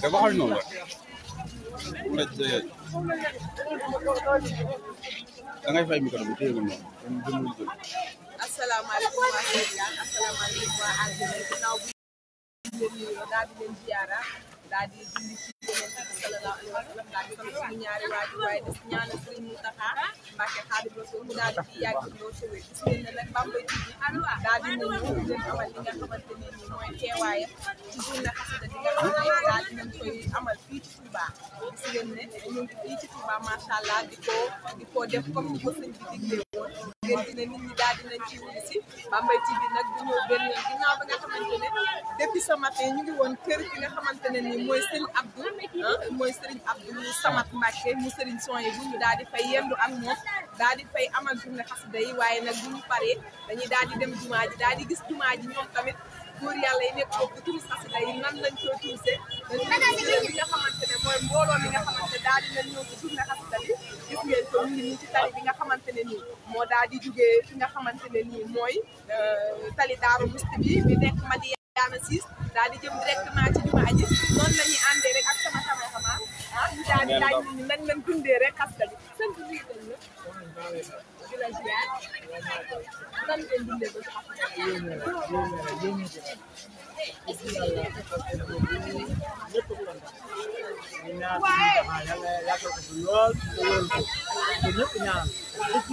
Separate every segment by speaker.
Speaker 1: te waxal noonu
Speaker 2: la da ngay fay micro bi téye ko noonu
Speaker 3: asalaamaaleykum waa Sénégal asalaamaaleykum waa àddina ginnaaw bi leen nuyoo daal di leen ziara daal di dindi ci sallallahu alayhi wa sallam daal di sant suñu ñaari waajur waaye def ñaanal Serigne Mountakha Mbacké Khadim Rassoul mu daal di fi yàgg loo sowé gis ngeen ne nag Bambey TV daal di ñëw ñu leen amal li nga xamante ne nii mooy teewaayam ci journée xasida di nga xam ne daal dinañ koy amal fii ci Touba gis ngeen ne ñu ngi fii ci Touba macha allah di ko di ko def comme ni ko sëñ bi digle woon ngeen dina nit ñi daal dinañ ci wuyu si Bambey TV nag di ñëw benn yoon ginnaaw ba nga xamante ne depuis ce matin ñu ngi woon kër ki nga xamante ne nii mooy sëñ Abdou mooy Serigne Abdou Samad Mbacke mu Serigne son yi bu ñu daal di fay yendu ak moom daal di fay amal journée xasida yi waaye nag bu ñu paree dañuy daal di dem jumaa ji daal di gis jumaa ji ñoom tamit góor yàlla yi nekk foofu di turis xasida yi nan lañ koy turisee li nga xamante ne mooy mbooloo mi nga xamante daal di nañ ñëw ci journée xasida bi gis ngeen ko ñu ngi ci tali bi nga xamante ne nii moo daal di jugee fi nga xamante ne nii mooy tali Daaru Musti bi bi nekk Madiyaana 6 daal di jëm directement ci jumaa ji noonu la ñuy àndee rek ak ah daal di laaj nit ñi nan lañ dundee rek xasta bi
Speaker 1: minyak wax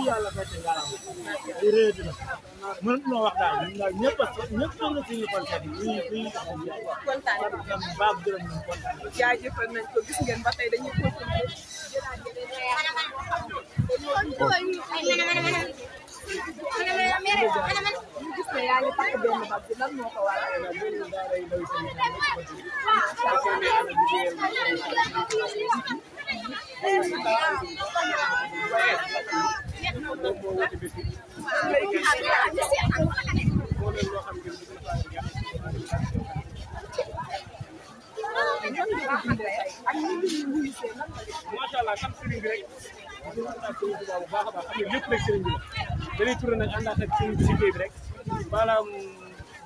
Speaker 1: ya
Speaker 2: ñun daal ñëpp ñëpp nga ci ñu kontaan ñu ñu kontaan baax gërëm ñu kontaan
Speaker 3: jaajëfal nañ ko gis ngeen ba tey
Speaker 1: dañuy continuer Mana mana mana mana mana jadi فرق بين
Speaker 3: مقدمة
Speaker 1: ومطولة ما شاء الله malam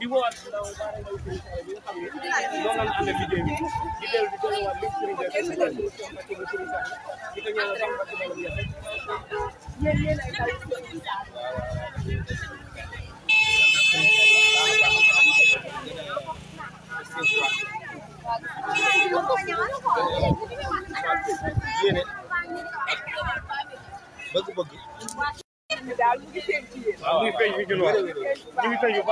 Speaker 1: di woowaat ndaw daara ndaw sëriñ Saare bi nga xam ne noonu la ñu àndal liggéey bi di dellu di delluwaat lépp
Speaker 2: sëriñ Saare di ci
Speaker 1: ಗಿಲ್ವಾ ಜೀವಿತ ಯುವ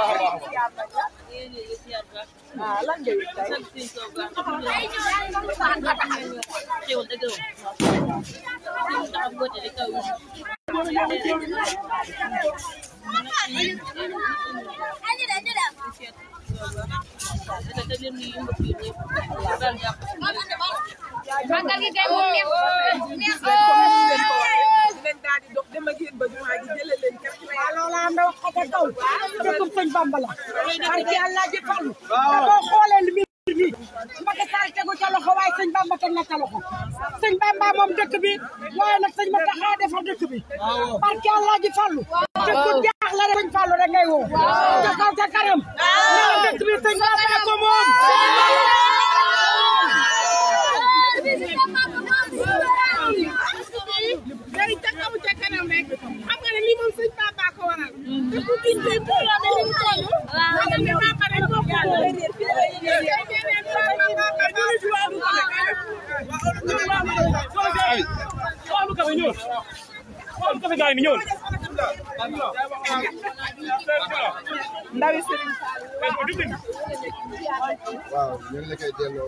Speaker 1: Mangga ke kamu ni. Ni.
Speaker 3: Ben tadi dok dem lagi baju lagi jelek ca kaw dëkkum sëñ Bamba la barki Yàlla ji fallu te boo xoolee li mbir mi Macky Sall tegu ca loxo waaye sëñ Bamba teg na ca loxo sëñ Bamba moom dëkk bi waaye nag sëñ Mountakha defar dëkk bi barki Yàlla ji fallu te ku jaaxle rek sëñ fallu rek ngay woo ca kaw ca kanam dëkk bi sëñ
Speaker 1: Bamba ko moom waaw ñun la koy delloo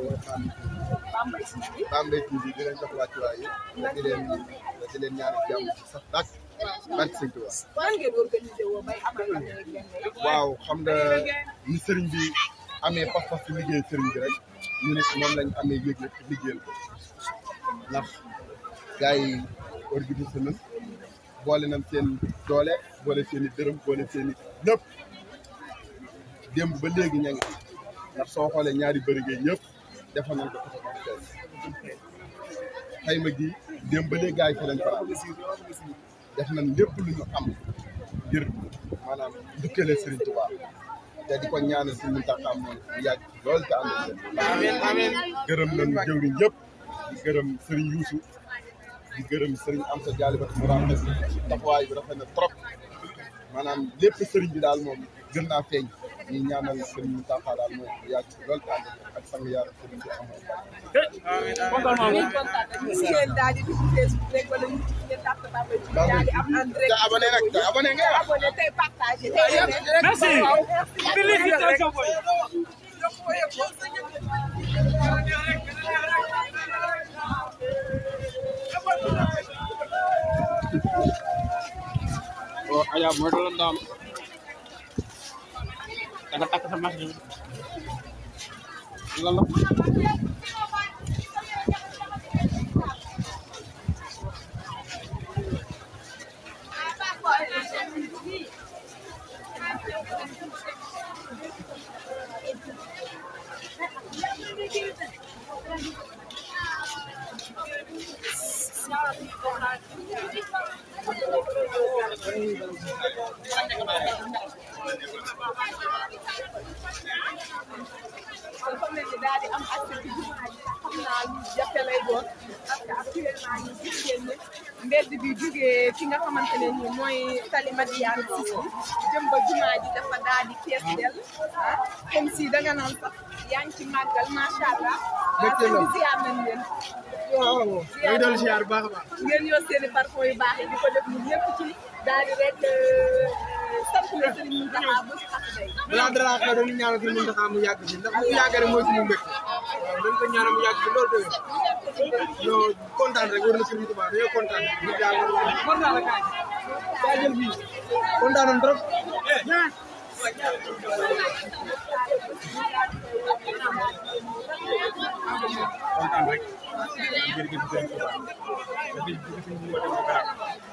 Speaker 2: waxtaan Bambey TV di leen jox wàccuwaay yëpp di leen di leen ñaanal jàmm sax dàkk
Speaker 1: bark sëñ Tuuba waaw
Speaker 2: xam nga ni sëriñ pas-pas ci liggéey sëriñ bi rek ñu ne moom lañ amee yëg yëg liggéeyal ko ndax gars yi organisé nañ boole nañ seen doole boole seen i dërëm boole seen i lépp démb ba léegi ña ngi ndax def nañ lépp lu ñu am ngir maanaam ndukkeele Serigne Touba te di ko ñaanal si Mountakha moom mu yàgg loolu te ànd gërëm nañu jëwriñ yëpp di gërëm Serigne Youssou di gërëm Serigne Amsa Diallibat mu rafet taxawaay bi rafet na trop maanaam lépp Serigne bi daal moom gën naa feeñ ñi ñaanal sëñ Moussa daal mu yàgg ci ayah, murder and karena takut sama machine
Speaker 1: Thank you.
Speaker 3: daal di am accès ci jumaa ji sax xam naa lu jafe lay doon parce que actuellement ñu gis ngeen ne mbedd bi jógee fi nga xamante ne nii mooy tali Madiyana Cissé jëm ba jumaa ji dafa daal di fees dell ah si da nga naan sax yaa ngi ci màggal macha allah. dëgg la waaw ah, ziar nañ leen.
Speaker 1: waaw
Speaker 2: waaw day doon a baax.
Speaker 3: ko def ñun ñëpp ci daal rek.
Speaker 1: Euh, balaa dara xew dañu
Speaker 2: ñaanal si mun taxaa mu yàgg si ndax mu yàgg rek mooy suñu mbég waaw dañ ko ñaanal mu yàgg si loolu dëgg ñoo kontaan rek war na Sëriñ Tuubaa dañoo kontaan nit daal war naa la kaay
Speaker 1: daa jël fii kontaanoon trop kontaan rek jërëjëf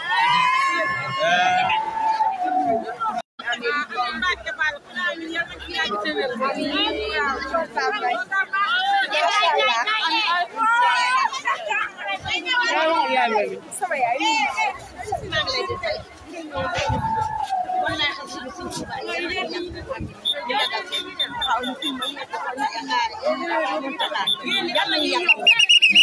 Speaker 1: Yalla
Speaker 3: ñu yàq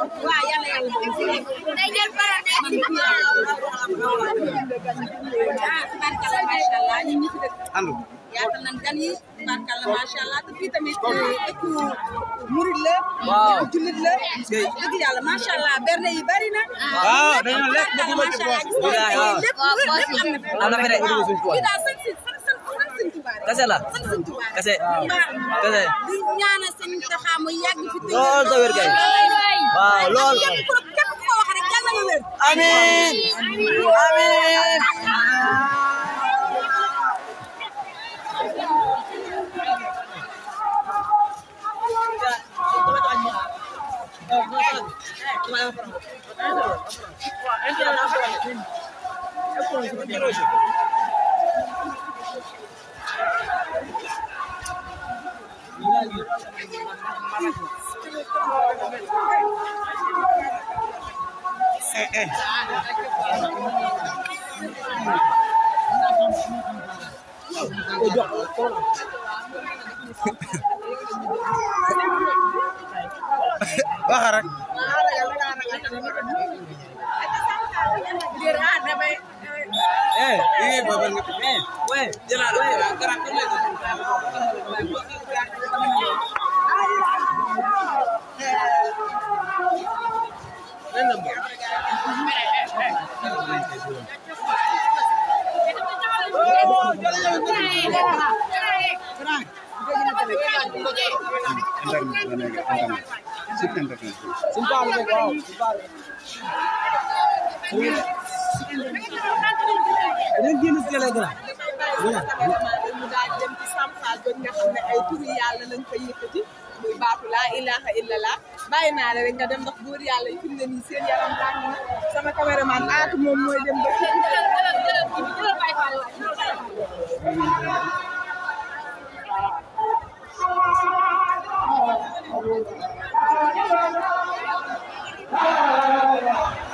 Speaker 1: Wah, ya le. Ella para Halo.
Speaker 3: Ya tenan kan ini barkalla masyaallah te fi tamit dëkku murid la waaw julit la nah. iya, iya. dëgg
Speaker 1: kase la kase kase
Speaker 3: di seen taxa mu fi tëj lool da kay waaw
Speaker 1: amin amin Eh, eh. Wah, Eh, Eh, jalan weh,
Speaker 2: nga xam
Speaker 3: ne ay turu yàlla lañ koy yëkkati muy baatu laa ilaha illallah bàyyi naa la rek nga dem ndax buur yàlla yi fi mu ne nii seen yaram tàng na sama caméraman aatu moom mooy
Speaker 1: dem ba Thank you.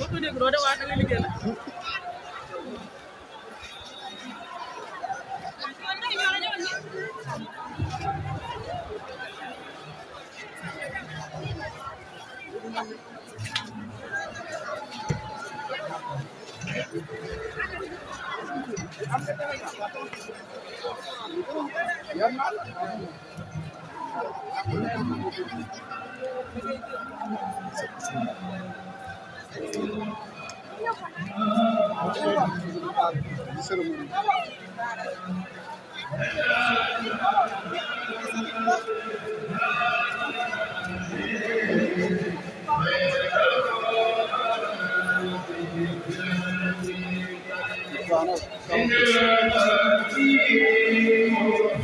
Speaker 1: तो तुझे ग्रोडे वाटर ले लिया ना Thank you.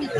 Speaker 1: Не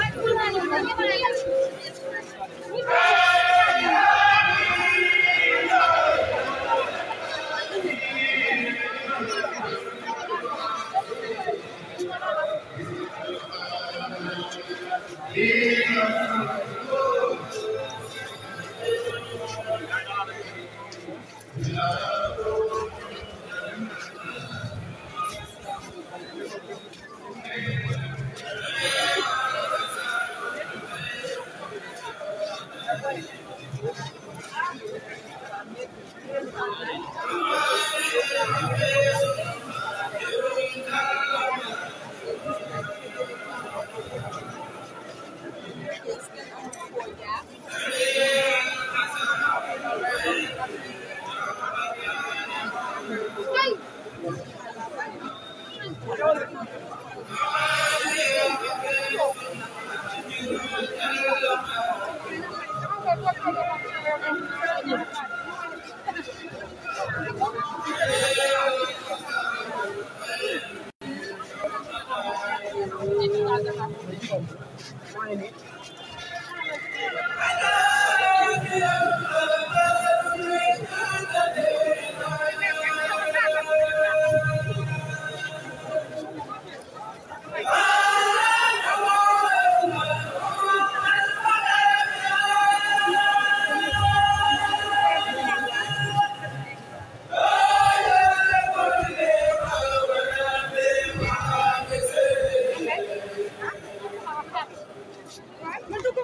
Speaker 1: leen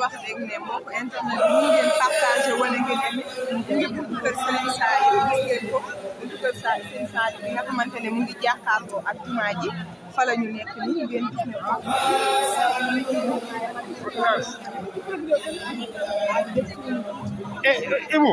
Speaker 3: wax rek ne moom internet bi mu ngi buntu ko ak jumaa ji
Speaker 1: ñu nekk nii ngeen gis ne eh, Ibu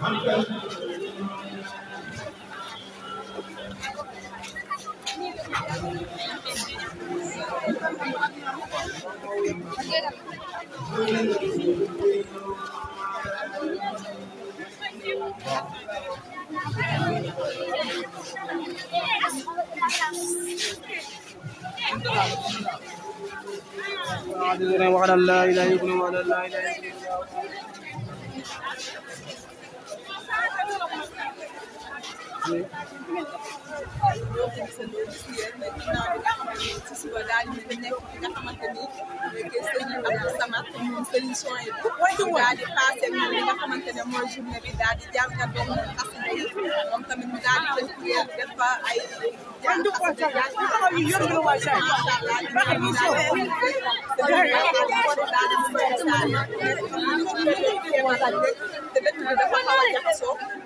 Speaker 1: وعلى لا اله الا الله لا اله الا الله 嗯。ñoo ngi gis ni ci
Speaker 3: ni sëñ moom sëñ Souhaïbou bi daal daal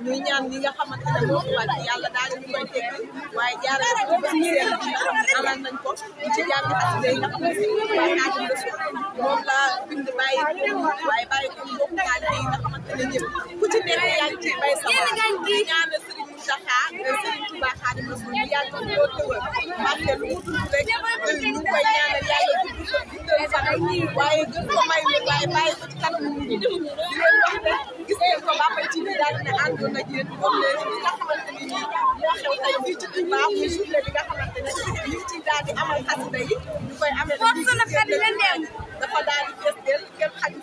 Speaker 3: di jàngat benn waaye jaarale ko ci seen amal nañ ko ñu ci jàpp xasida yi nga xam ne moom la bind bàyyi waaye bàyyi ko mbokk taalibe yi nga xamante ne ñëpp ku ci nekk yaa ngi ciy bay sa ñaanal sëriñ Mountakha Serigne a Khadimu Rasuul yàlla ko koo tëwal barke lu mu dund rek ñu ngi koy ñaanal yàlla dund waaye gën ko may ñu waaye bàyyi ko ci kanam di leen wax ne gis ngeen ko Bamba TV daal dina àndoon
Speaker 1: nii moo xew tey fii ci Touba muy
Speaker 3: journée bi nga xamante ne ñu ci daal di amal xasida yi ñu koy dafa daal di fees del kenn xaju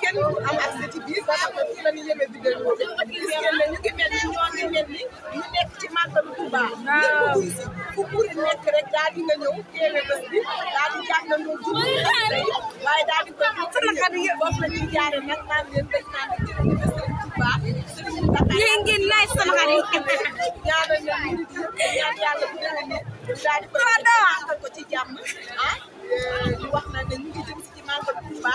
Speaker 3: kenn du am accès ci biir après fii la ñu yemee vidéo bi gis ngeen ne ñu ngi mel ni ñoo ngi mel ni ñu nekk ci màggalu Touba. waaw lépp ku bëri nekk rek daal di nga ñëw teewe bés bi daal di jàngandoo jiw bi waaye daal di koy ñëw ci yëpp boobu la ñuy jaaree nag naan leen dañ naan leen jërëjëf bés bu Touba. yéen ngeen lay sama xarit. ñaanal ñoom ñu ngi ci ñaan yàlla bu demee nii daal di koy ko ci jàmm ah di eh, wax na ne ñu ngi jëm ci màggalu Touba.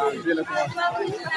Speaker 1: Kamala